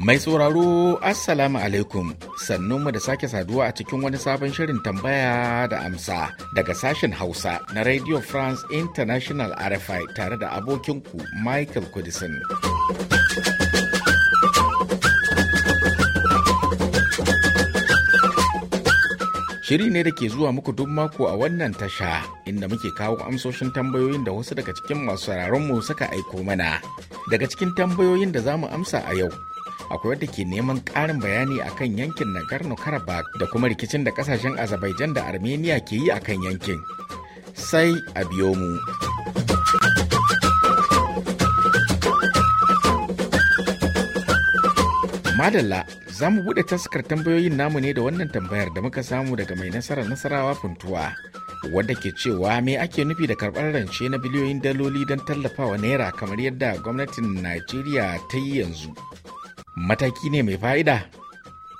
Mai sauraro Assalamu alaikum mu da sake saduwa a cikin wani sabon shirin tambaya da amsa daga sashen Hausa na Radio France International RFI tare da abokinku Michael Kudisin. Shiri ne da ke zuwa muku duk mako a wannan tasha inda muke kawo amsoshin tambayoyin da wasu daga cikin masu mu suka aiko mana. Daga cikin tambayoyin da za mu amsa a yau, akwai wadda ke neman ƙarin bayani akan yankin Nagorno Karabakh da kuma rikicin da ƙasashen Azerbaijan da Armenia ke yi akan yankin. Sai a biyo mu. Madalla Za mu buɗe taskar tambayoyin namu ne da wannan tambayar da muka samu daga mai nasarar nasarawa funtuwa. Wadda ke cewa me ake nufi da karɓar rance na biliyoyin daloli don tallafawa naira kamar yadda gwamnatin Najeriya ta yi yanzu. Mataki ne mai fa'ida?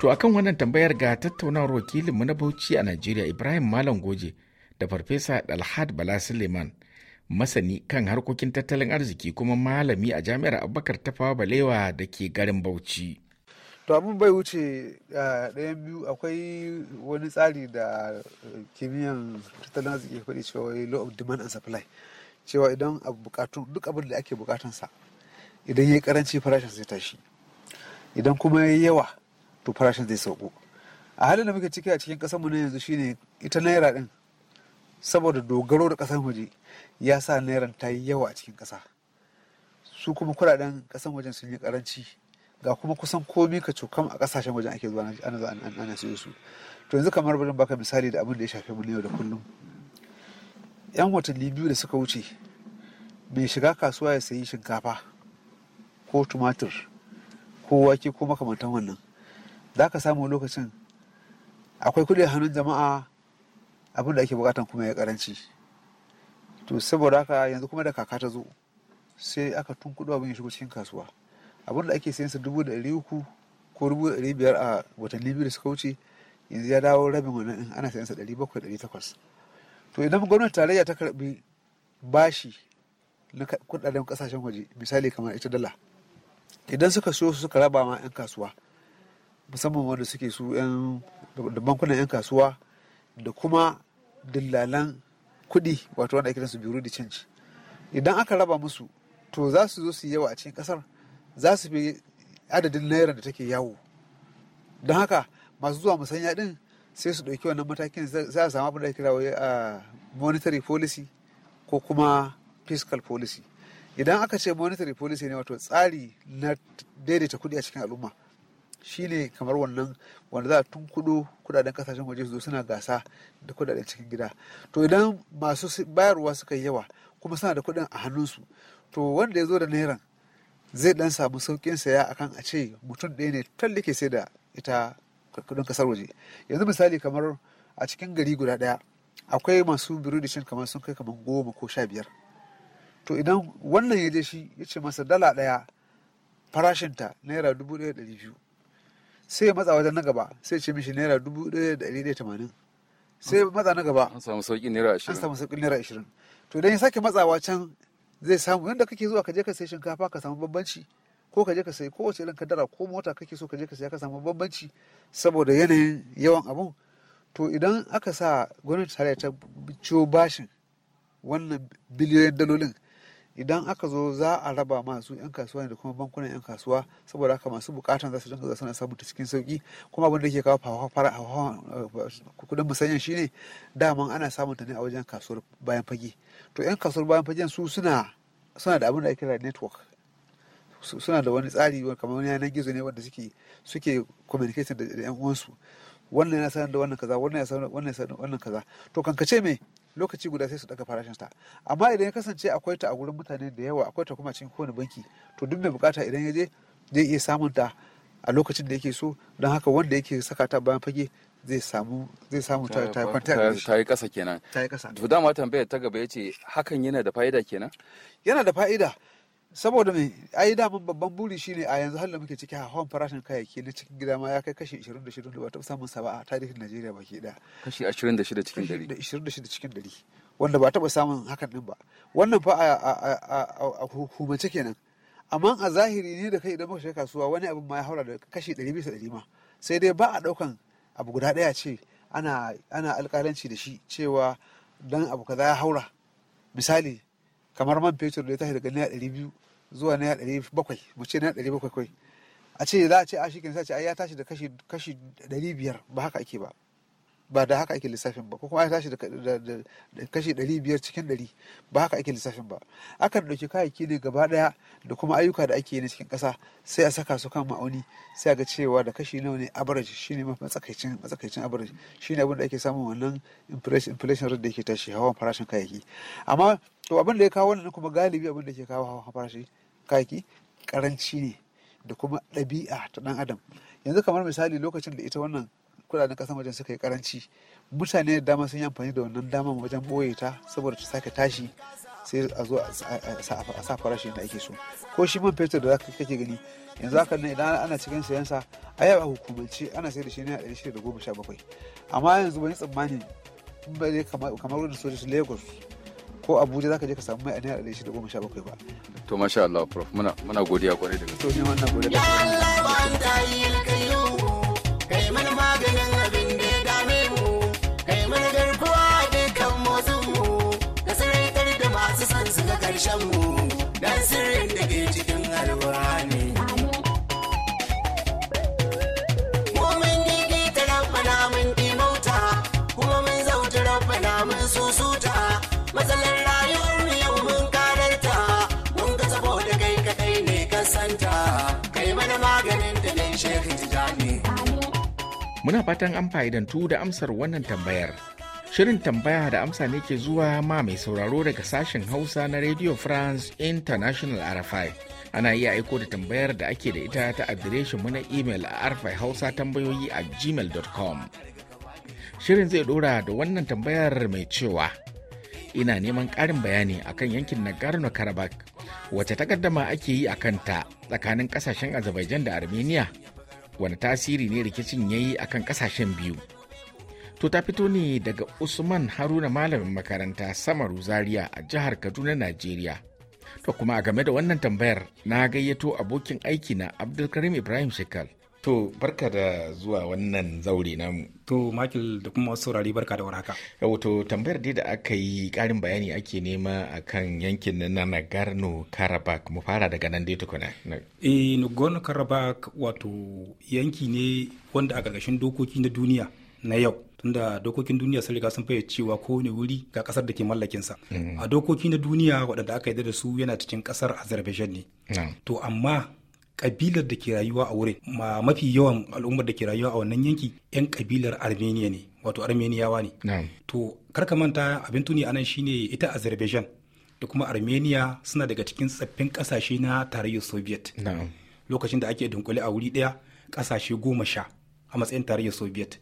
To akan wannan tambayar ga tattaunawar wakilinmu na Bauchi a Najeriya Ibrahim Malam Goje da Farfesa Dalhad Bala Suleiman. masani kan harkokin tattalin arziki kuma malami a jami'ar abubakar tafawa balewa da ke garin bauchi to bai wuce ɗayan biyu akwai wani tsari da eh, kimiyyan tattalin arziki ya faɗi cewa law of demand and supply cewa idan duk abin da ake sa idan ya yi karanci farashin zai tashi idan kuma ya yi yawa to farashin zai sauko a halin da muke ciki a cikin kasanmu na yanzu shine ita naira din saboda dogaro da ƙasar waje ya sa nairan ta yi yawa a cikin ƙasa su kuma kuɗaɗen ƙasar wajen sun yi karanci ga kuma kusan komi ka cokam a kasashen wajen ake zuwa ana zuwa ana siyo su to yanzu kamar barin baka misali da abin da ya shafi mu yau da kullum yan watanni biyu da suka wuce mai shiga kasuwa ya sayi shinkafa ko tumatir ko wake ko makamantan wannan za ka samu lokacin akwai kudin hannun jama'a abin da ake bukatan kuma ya karanci to saboda haka yanzu kuma da kaka ta zo sai aka tun kudu abin ya shigo cikin kasuwa abin da ake sayansa dubu da ɗari uku ko dubu da ɗari biyar a watanni biyu da suka wuce yanzu ya dawo rabin wannan in ana sayansa ɗari bakwai ɗari takwas to idan gwamnati tarayya ta karɓi bashi na kuɗaɗen ƙasashen waje misali kamar ita dala idan suka so suka raba ma 'yan kasuwa musamman wanda suke su 'yan da bankunan 'yan kasuwa da kuma dillalan kuɗi wato wanda ake su biro da canji idan aka raba musu to za su zo su yi yawa a cikin ƙasar za su fi adadin naira da take yawo don haka masu zuwa musanya din sai su ɗauki wannan matakin za a samu abin da kira a monetary policy ko kuma fiscal policy idan aka ce monetary policy ne wato tsari na daidaita kuɗi a cikin al'umma shine kamar wannan wanda za a tun kudu kudaden kasashen waje su suna gasa da kudaden cikin gida to idan masu bayarwa suka yawa kuma suna da kudin a hannunsu to wanda ya zo da nairan zai dan samu saukin saya akan a ce mutum ɗaya ne tallake sai da ita kudin kasar waje yanzu misali kamar a cikin gari guda ɗaya akwai masu shan kamar sun kai kamar goma ko sha biyar to idan wannan ya je shi ya ce masa dala ɗaya farashinta naira dubu ɗaya ɗari biyu sai ya matsa wajen na gaba sai ya ce mishi naira dubu ɗaya ɗari ɗaya tamanin sai matsa na gaba an samu sauƙin naira ashirin an samu naira ashirin to idan ya sake matsawa can zai samu yadda kake zuwa ka je ka sai shinkafa ka samu bambanci ko ka je ka sai kowace irin kadara ko mota kake so ka je ka sai ka samu bambanci saboda yanayin yawan abun to idan aka sa gwamnati tarayya ta ciwo bashin wannan biliyoyin dalolin idan aka zo za a raba masu 'yan kasuwa ne da kuma bankunan 'yan kasuwa saboda haka masu bukatan za su dinga na samun ta cikin sauki kuma abin da ke kawo eh, kudin musanyan shine daman ana samun ta ne a wajen kasuwar bayan fage to 'yan kasuwar bayan fagen su suna suna da abin da ake kira network suna da wani tsari kamar wani yanar gizo ne wanda suke suke communication da yan uwansu wannan ya sanar da wannan kaza wannan ya sanar wannan sanar wannan kaza to kankace me lokaci guda sai su daga farashin ta amma idan ya kasance akwai ta a gurin mutane da yawa akwai ta kuma cikin kowane banki to duk mai bukata idan ya je zai iya samun ta a lokacin da yake so don haka wanda yake saka ta bayan fage zai samu zai samu ta ta kwanta ta yi kasa kenan ta yi kasa to dama tambayar ta gaba yace hakan yana da fa'ida kenan yana da fa'ida saboda me ai da mun babban buri shine a yanzu halin muke ciki hawan farashin kayayyaki na cikin gida ma ya kai kashi 26 da wata samun sa ba a tarihin Najeriya baki daya kashi 26 cikin 100 26 cikin 100 wanda ba taba samun hakan din ba wannan fa a hukumance kenan amma a zahiri ne da kai idan muka shiga kasuwa wani abin ma ya haura da kashi 200 ma sai dai ba a daukan abu guda daya ce ana ana alƙalanci da shi cewa dan abu kaza ya haura misali kamar man fetur da ya tashi daga naira ɗari biyu zuwa naira ɗari bakwai mu ce naira ɗari bakwai kai a ce za a ce a shi sa ce ai ya tashi da kashi kashi ɗari biyar ba haka ake ba ba da haka ake lissafin ba ko kuma ya tashi da kashi ɗari biyar cikin ɗari ba haka ake lissafin ba akan ɗauki kayayyaki ne gaba ɗaya da kuma ayyuka da ake yi na cikin ƙasa sai a saka su kan ma'auni sai a ga cewa da kashi nawa ne average shine matsakaicin matsakaicin average shine abin da ake samun wannan inflation inflation rate da yake tashi hawan farashin kayayyaki amma to abin da ya kawo wannan kuma galibi abin da ke kawo hawan farashin kayayyaki karanci ne da kuma ɗabi'a ta ɗan adam yanzu kamar misali lokacin da ita wannan kudaden kasan wajen suka yi karanci mutane da dama sun yi amfani da wannan dama wajen boye ta saboda ta sake tashi sai a zo a sa farashi da ake so ko shi man fetur da za ka kake gani yanzu haka nan idan ana cikin sayansa a yau a hukumance ana sayar da shi ne a ɗari shida da goma sha bakwai amma yanzu wani tsammani in ba zai kamar wurin sojoji lagos ko abuja za ka je ka samu mai a naira ɗari shida goma sha bakwai ba. to masha allah prof muna godiya kwarai da gaske. to ne wannan godiya. ƙarshen mu dan sirrin da ke cikin halwa ne. Mumin digi ta rabbana mun imauta kuma mun zauta rabbana mun susuta matsalar rayuwar mu yau mun kararta mun ga saboda kai kadai ne ka santa kai mana maganin da nan shekhi tijani. Muna fatan an fa'idantu da amsar wannan tambayar. Shirin tambaya da amsa ne ke zuwa ma mai sauraro daga sashen Hausa na Radio France International RFI. Ana iya aiko da tambayar da ake da ita ta mu na imel a RFI Hausa tambayoyi a gmail.com. Shirin zai dora da wannan tambayar mai cewa ina neman ƙarin bayani akan yankin Nagorno Karabakh wacce takaddama ake yi a kanta tsakanin ƙasashen Azerbaijan da Armenia wani tasiri ne rikicin yayi akan ƙasashen biyu. To ta fito ne daga Usman Haruna malamin makaranta Samaru Zaria a jihar Kaduna, Najeriya. To kuma a game da wannan tambayar na gayyato abokin aiki na Abdulkarim Ibrahim Shekal. To barka da zuwa wannan zaure namu. To makil da kuma wasu saurari barka da warhaka. Yau to tambayar dai da aka yi karin bayani ake nema a kan yankin na Nagorno Karabakh mu fara daga nan dai tukuna. Eh Nagorno Karabakh wato yanki ne wanda a gargashin dokoki na duniya na yau. tunda dokokin duniya sun riga sun fayyace cewa kowane wuri ga kasar da ke sa mm. a dokoki na duniya waɗanda aka yarda da su yana cikin kasar azerbaijan ne to amma kabilar da ke rayuwa a wurin ma mafi yawan al'ummar da ke rayuwa a wannan yanki 'yan kabilar armenia ne wato armeniyawa ne to karka manta abin tuni anan shine ita azerbaijan da kuma armenia suna daga cikin tsaffin kasashe na tarayyar soviet lokacin da ake dunkule a wuri daya kasashe goma sha a matsayin tarayyar soviet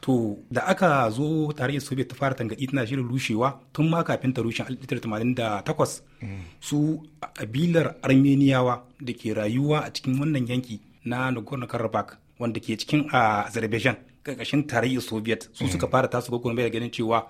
to da aka zo tarayyar soviet ta fara tangaɗi tana shirin rushewa tun ma kafin ta rushe 1988 su kabilar armeniyawa da ke rayuwa a cikin wannan yanki na nagorno-karabakh wanda ke cikin a azerbaijan ƙarƙashin tarayyar soviet su suka mm. fara tasu gwagwarmaya da ganin cewa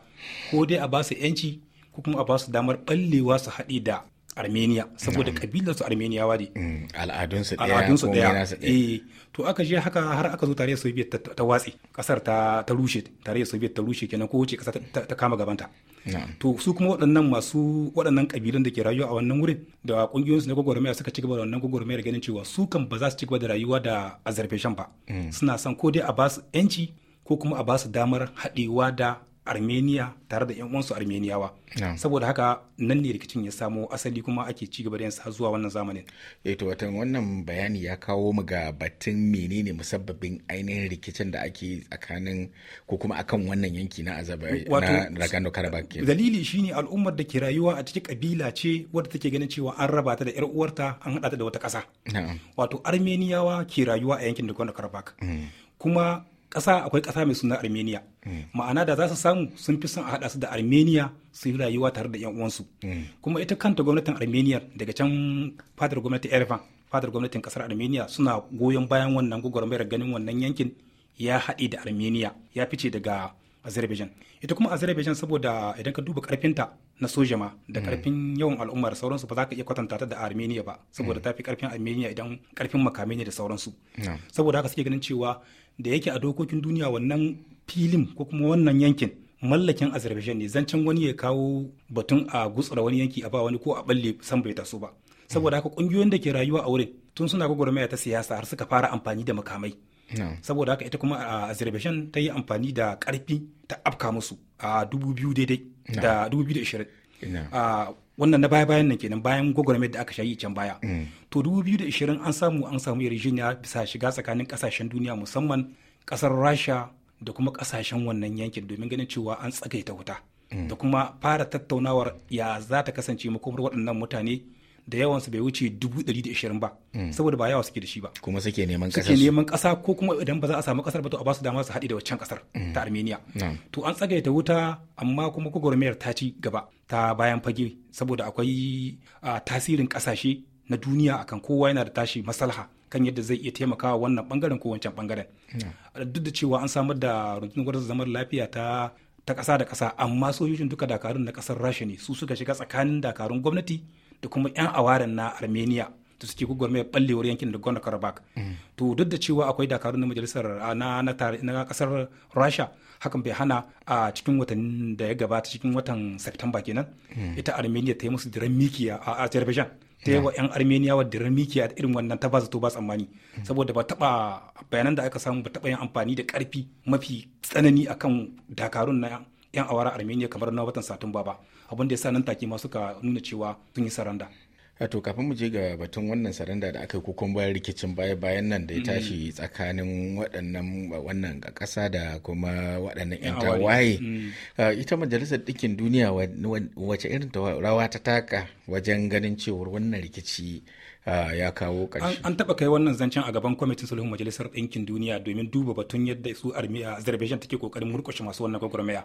ko dai a ba su yanci ko kuma a ba su damar ɓallewa su haɗe da armenia saboda kabilar su armeniyawa ne mm, al'adunsu daya eh to aka je haka har aka zo tarayyar soviet ta watse kasar ta ta rushe tarayyar soviet ta rushe kenan ko wuce kasa ta kama gabanta to su kuma waɗannan masu waɗannan kabilan da ke rayuwa a wannan wurin da kungiyoyinsu na gwagwarmaya suka ci gaba da wannan gwagwarmayar ganin cewa su kan ba za su ci gaba da rayuwa da azerbaijan ba mm. suna san ko dai a ba su yanci ko kuma a ba su damar haɗewa da armenia tare da yan uwansu armeniyawa saboda haka nan ne rikicin ya samo asali kuma ake ci gaba da yansa zuwa wannan zamanin eh watan wannan bayani ya kawo mu ga batun menene musabbabin ainihin rikicin da ake tsakanin ko kuma akan wannan yanki na azabai na Karabakh dalili shine al'ummar da ke rayuwa a cikin kabila ce wadda take ganin cewa an raba ta da yar uwarta an hada ta da wata kasa wato armeniyawa ke rayuwa a yankin Nagorno Karabakh mm. kuma ƙasa akwai ƙasa mai suna armenia hmm. ma'ana da za su samu sun fi son a haɗa su da armenia su yi rayuwa tare da 'yan uwansu hmm. kuma ita kanta gwamnatin armenia daga can fadar gwamnati erfan fadar gwamnatin ƙasar armenia suna goyon bayan wannan gwagwarmayar ganin wannan yankin ya haɗe da armenia ya fice daga azerbaijan ita kuma azerbaijan saboda idan ka duba karfinta na soja ma da karfin hmm. yawan al'ummar sauransu ba za ka iya kwatanta ta da armenia ba saboda ta fi karfin armenia idan karfin makamai ne da sauransu saboda haka suke ganin cewa da yake a dokokin duniya wannan filin ko kuma wannan yankin mallakin azerbaijan ne zancen wani ya kawo batun a gutsura wani yanki a ba wani ko a balle san bai taso ba saboda haka kungiyoyin da ke rayuwa a wurin tun suna gwagwarmaya ta siyasa har suka fara amfani da makamai saboda haka ita kuma a azerbaijan ta yi amfani da karfi ta afka musu a biyu daidai da 2020 wannan na baya-bayan nan kenan bayan gwagwarmayar da aka shayi can baya mm. to 2020 an samu an samu yarjejeniya bisa shiga tsakanin kasashen duniya musamman kasar rasha da kuma kasashen wannan yankin domin ganin cewa an tsagaita wuta mm. da kuma fara tattaunawar ya za ta kasance makomar waɗannan mutane da yawan su bai wuce dubu ɗari da ishirin ba mm. saboda ba yawa suke da shi ba kuma suke neman ƙasa suke neman ƙasa ko kuma idan ba za a samu ƙasar ba to a ba su dama su haɗe da waccan ƙasar ta mm. Armenia to an tsagaita wuta amma kuma gwagwarmayar ta ci gaba ta bayan fage saboda akwai tasirin ƙasashe na duniya akan kowa yana da tashi masalha kan yadda zai iya taimakawa wannan bangaren ko wancan bangaren duk da cewa an samar da rundunar gwamnati zaman lafiya ta ta ƙasa da ƙasa amma sojojin duka dakarun na ƙasar rasha ne su suka shiga tsakanin dakarun gwamnati da kuma 'yan awaren na armenia da suke gwagwarmayar ballewar yankin da gondar karabak to duk da cewa akwai dakarun na majalisar na na kasar rasha hakan bai hana a cikin watan da ya gabata cikin watan september kenan ita armenia ta yi musu diran a azerbaijan ta yi wa 'yan armenia wa diran mikiya da irin wannan ta ba zato ba tsammani saboda ba taba bayanan da aka samu ba taba yin amfani da karfi mafi tsanani akan dakarun na 'yan awara armenia kamar na watan satumba ba abin da ya sa nan take ma suka nuna cewa sun yi saranda eh, to kafin mu je ga batun wannan saranda da aka yi kukun bayan rikicin baya bayan nan da ya mm-hmm. tashi tsakanin waɗannan wannan ƙasa da kuma waɗannan 'yan tawaye mm. eh, ita majalisar ɗikin duniya wacce irin rawa ta taka wajen ganin cewar wannan rikici ya kawo ƙarshe. An taɓa kai wannan zancen a gaban kwamitin sulhun majalisar ɗinkin duniya domin duba batun yadda su armiya Azerbaijan take ƙoƙarin murƙushe masu wannan gwagwarmaya.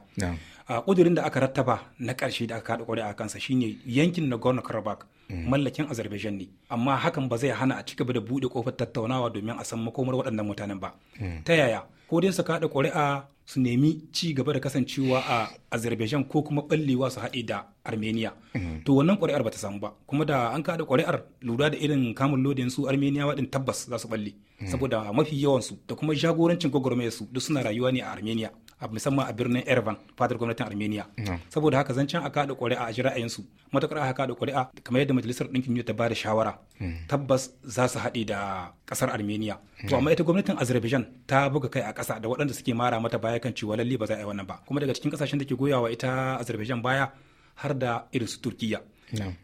A ƙudurin da aka rattaba na ƙarshe da aka kaɗa ƙwarai a kansa shine yankin Nagorno-Karabakh mm. mallakin Azerbaijan ne amma hakan ba zai hana a gaba da buɗe ƙofar tattaunawa domin a san makomar waɗannan mutanen ba. Mm. Ta yaya? Ko dai su kaɗa ƙuri'a su nemi ci gaba da kasancewa a azerbaijan ko kuma ballewa su haɗe da armenia mhm. to wannan ƙuri'ar ba ta samu ba kuma da an kaɗa ƙuri'ar lura da irin kamun lodin su armenia waɗin tabbas za su balle mhm. saboda mafi yawansu da kuma jagorancin gwagwarmayar su duk suna rayuwa ne a armenia musamman a birnin Erevan fadar gwamnatin Armenia saboda haka zancen aka da ƙuri'a a ji ra'ayinsu matakar aka da ƙuri'a kamar yadda majalisar ɗinkin duniya ta bada shawara hmm. tabbas za su haɗe da ƙasar Armenia to hmm. amma ita gwamnatin Azerbaijan ta buga kai a ƙasa da waɗanda suke mara mata baya kan cewa lalle ba za a yi wannan ba kuma daga cikin ƙasashen da ke goyawa ita Azerbaijan baya har da irin su Turkiyya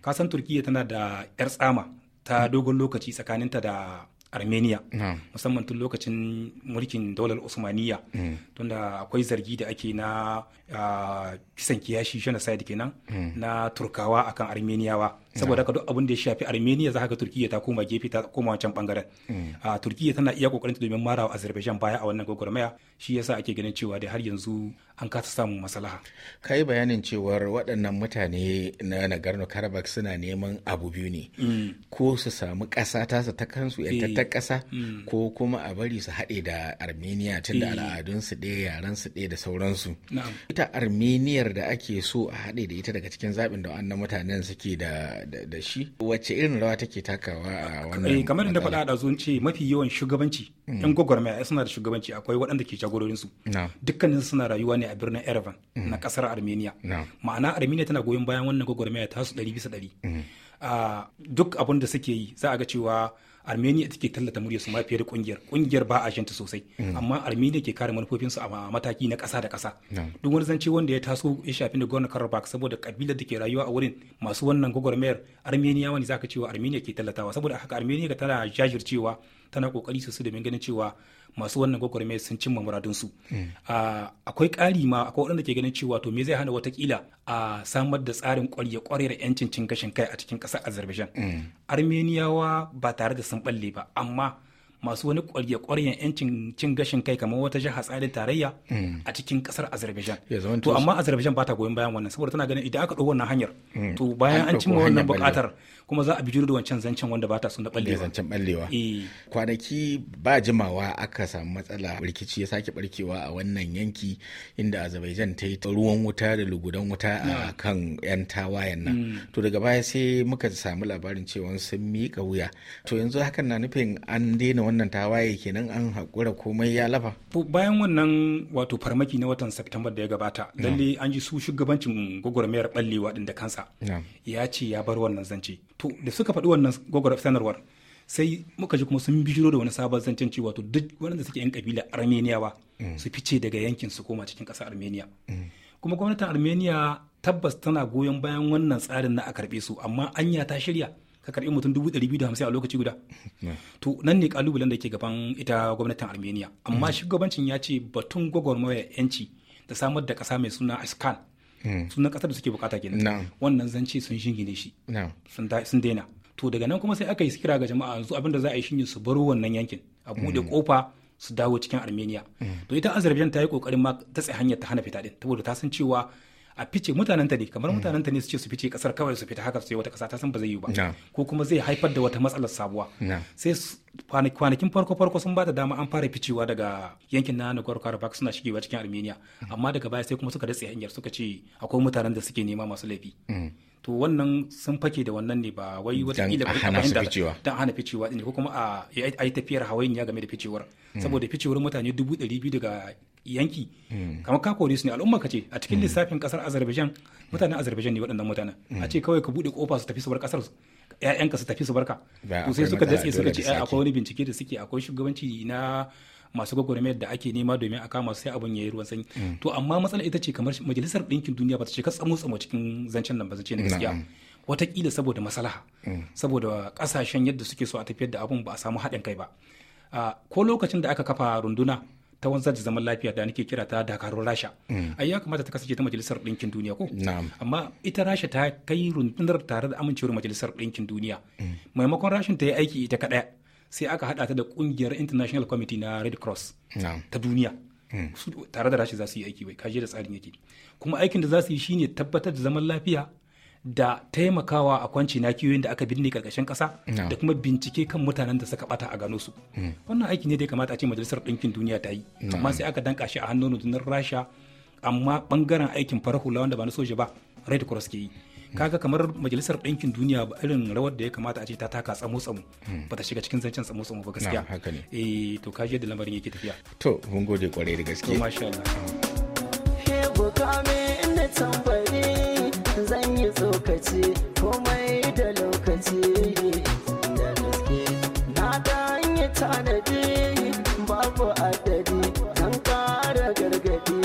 kasan Turkiyya tana da 'yar tsama ta dogon lokaci tsakaninta da armenia musamman tun lokacin mulkin daular usmaniya mm. tunda akwai zargi da ake na ah, kisan kiyashi genocide kenan mm. na turkawa akan armeniyawa saboda haka duk abin da ya shafi armeniya za ka turkiya ta koma gefe ta koma wancan bangaren mm. ah, turkiya tana iya kokarin domin mara azerbaijan baya a wannan gwagwarmaya shi yasa ake ganin cewa da har yanzu an kasa samun maslaha ka yi bayanin cewar waɗannan mutane na nagarno karabak suna neman abu biyu ne mm. ko su samu ƙasa tasa ta kansu eh. yantattar ƙasa mm. ko kuma a bari su haɗe da armenia tun da eh. al'adunsu ɗaya su ɗaya da sauransu ita armeniyar da ake so a haɗe da ita daga cikin zaɓin da wannan mutanen suke da shi wacce irin rawa take takawa a wannan eh, kamar da faɗa da zuwan ce mafi yawan shugabanci yan mm. gwagwarmaya suna da shugabanci akwai waɗanda ke jagororinsu dukkanin suna rayuwa ne a birnin Erevan na kasar mm. Armenia. Ma'ana Armenia tana goyon bayan wannan gwagwarmaya ta su ɗari bisa ɗari. Mm. Ah, duk abin da suke yi za a ga cewa Armenia take tallata murya su mafiyar da kungiyar. Kungiyar ba a shanta sosai. Mm. Amma Armenia ke kare manufofinsu a mataki na ƙasa da ƙasa. Duk wani zance wanda ya taso ya shafi da gwamnan Karabakh saboda kabilar da ke rayuwa a wurin masu wannan gwagwarmayar Armenia wani za ka cewa Armenia ke tallatawa saboda haka Armenia tana jajircewa tana kokari sosai domin ganin cewa masu wannan gwagwarmai sun cimma muradun su. Hmm. akwai ƙari ma akwai waɗanda ke ganin cewa to me zai hana watakila a samar da tsarin ƙwarya ƙwarya da yancin cin gashin kai a cikin ƙasar azerbaijan hmm. armeniyawa ba tare da sun balle ba amma masu wani kwarya kwaryen yancin cin gashin kai kamar wata jihar tsarin tarayya a cikin kasar azerbaijan to amma azerbaijan ba ta goyon bayan wannan saboda tana ganin idan aka ɗau wannan hanyar mm. to bayan an cimma wannan buƙatar kuma za a bijiro da wancan zancen wanda ba ta so na ɓallewa zancen ɓallewa eh. kwanaki ba jimawa aka samu matsala rikici ya sake barkewa a wannan yanki inda azerbaijan ta yi ruwan wuta da lugudan wuta a mm. kan yan tawayen nan mm. to daga baya sai muka samu labarin cewa sun miƙa wuya to yanzu hakan na nufin an daina wannan tawaye kenan an haƙura komai ya lafa. bayan wannan wato farmaki na watan september da ya gabata lalle an ji su shugabancin gwagwarmayar ballewa ɗin da kansa ya ce ya bar wannan zance to da suka faɗi wannan gwagwar sanarwar sai muka ji kuma sun bijiro da wani sabon zancen cewa to duk waɗanda suke yan kabila armeniyawa mm. su fice daga yankin su koma cikin ƙasar armenia mm. kuma gwamnatin armenia tabbas tana goyon bayan wannan tsarin na a karɓe su amma anya ta shirya ka karbi mutum dubu ɗari biyu da hamsin a lokaci guda to nan ne kalubalen da ke gaban ita gwamnatin armenia amma mm. shugabancin ya ce batun gwagwarmaya yanci da samar da ƙasa mai suna askan mm. sunan ƙasar da suke bukata kenan wannan zance sun shingine shi sun daina to daga nan kuma sai aka yi kira ga jama'a yanzu abin da za a yi shine su baro wannan yankin a buɗe kofa mm. su dawo cikin armenia to ita azerbaijan ta yi kokarin ma ta tsaye hanyar ta hana fita din saboda ta san cewa a fice mutanenta ne kamar mm. mutanenta ne su ce su fice kasar kawai su fita haka su yi wata kasa ta san ba zai yi ba ko kuma zai haifar da wata matsalar sabuwa sai kwanakin farko farko sun bata da dama an fara ficewa daga yankin na Nagorno bak suna shigewa cikin Armenia mm. amma daga baya sai kuma suka datse hanyar suka ce akwai mutanen da suke nema masu laifi mm. to wannan sun fake da wannan ne ba wai kila ba hana su ficewa dan hana ficewa din ko kuma a yi tafiyar ya game da ficewar saboda ficewar mutane dubu ɗari biyu daga yanki hmm. kamar ka kore su ne al'umma ka ce a cikin hmm. lissafin kasar azerbaijan mutanen azerbaijan ne waɗannan mutanen a ce hmm. kawai ka buɗe kofa su tafi su bar kasar ƴaƴanka su tafi su barka to sai suka datse suka ce akwai wani bincike da suke akwai shugabanci na masu gwagwarmayar da ake nema domin a kama sai abin ya yi ruwan sanyi to amma matsala ita ce kamar majalisar ɗinkin duniya ba ta ce ka tsamo tsamo cikin zancen nan ba zace na gaskiya watakila saboda masalaha saboda kasashen yadda suke so a tafiyar da abun ba a samu haɗin kai ba ah, ko lokacin da aka kafa runduna ta wanzar da zaman lafiya da nake kira ta dakarun rasha mm. ai ya kamata ta kasance ta majalisar ɗinkin duniya ko amma ita rasha ta kai rundunar tare da amincewar majalisar ɗinkin duniya mm. maimakon rashin ta yi aiki ita kaɗai sai aka haɗa ta da ƙungiyar international committee na red cross ta duniya mm. tare da rasha za su yi aiki bai kaje da tsarin yake kuma aikin da za su yi shine tabbatar da zaman lafiya da taimakawa a kwanci na kiyoyin da aka binne karkashin kasa da kuma bincike kan mutanen da suka bata a gano su hmm. wannan aiki ne da ya kamata a ce majalisar ɗinkin duniya ta yi amma sai aka danka shi a hannun rundunar rasha amma bangaren aikin farar hula wanda ba na soja ba red cross ke yi hmm. kaga kamar majalisar ɗinkin duniya ba irin rawar da ya kamata a ce ta taka tsamo tsamo hmm. ba ta shiga cikin zancen tsamo tsamo ba gaskiya eh to kaji yadda lamarin yake tafiya to mun gode kwarai da gaske to masha zan yi tsokaci komai da lokaci da gaske na ta yi tanadi babu adadi kan kara gargadi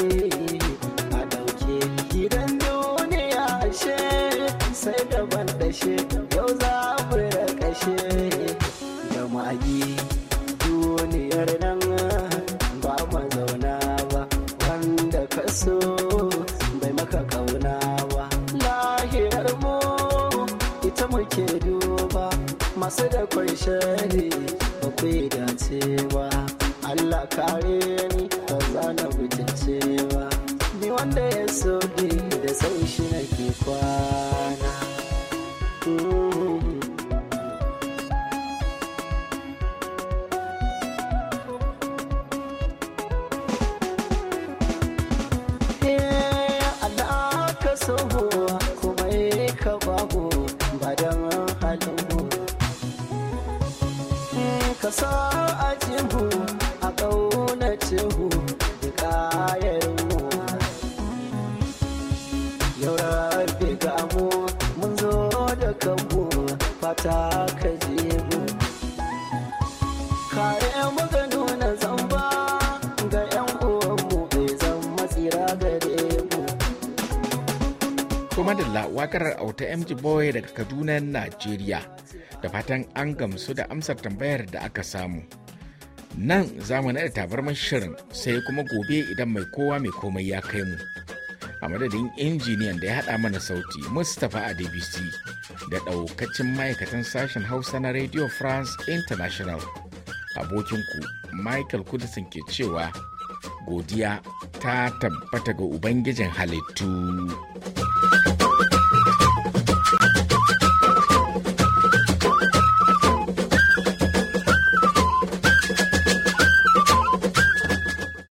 a dauke gidan duniya ashe sai da ban dashe yau za mu rakashe da magi duniyar nan masu da kwai shari ba ku yi dace Allah kare ni ba za na bijince ni wanda ya so da sai shi ke kwana mm. eh, Allah ka so sa a cihu a ƙauna cihu da ƙayar mu yau rabe ga mu mun zo da kanmu fata ka je kare mu ga nuna zamba ga yan uwanmu bai zama tsira gare mu to madalla wakar auta mg boy daga kaduna najeriya da fatan an gamsu da amsar tambayar da aka samu nan zamu naɗa tabarman shirin sai kuma gobe idan mai kowa mai komai ya kai mu a madadin injiniyan da ya haɗa mana sauti mustapha adebisi da ɗaukacin ma'aikatan sashen hausa na radio france international abokinku michael kudisin ke cewa godiya ta tabbata ga ubangijin halittu